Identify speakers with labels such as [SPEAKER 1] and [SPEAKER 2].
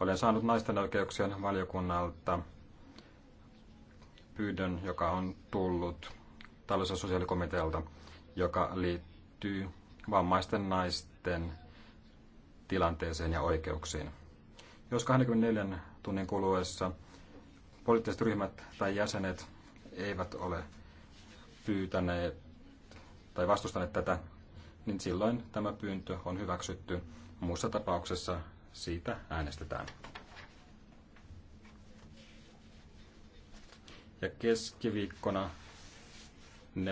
[SPEAKER 1] Olen saanut naisten oikeuksien valiokunnalta pyydön, joka on tullut talous- ja sosiaalikomitealta, joka liittyy vammaisten naisten tilanteeseen ja oikeuksiin. Jos 24 tunnin kuluessa poliittiset ryhmät tai jäsenet eivät ole pyytäneet tai vastustaneet tätä, niin silloin tämä pyyntö on hyväksytty. Muussa tapauksessa siitä äänestetään. Ja
[SPEAKER 2] keskiviikkona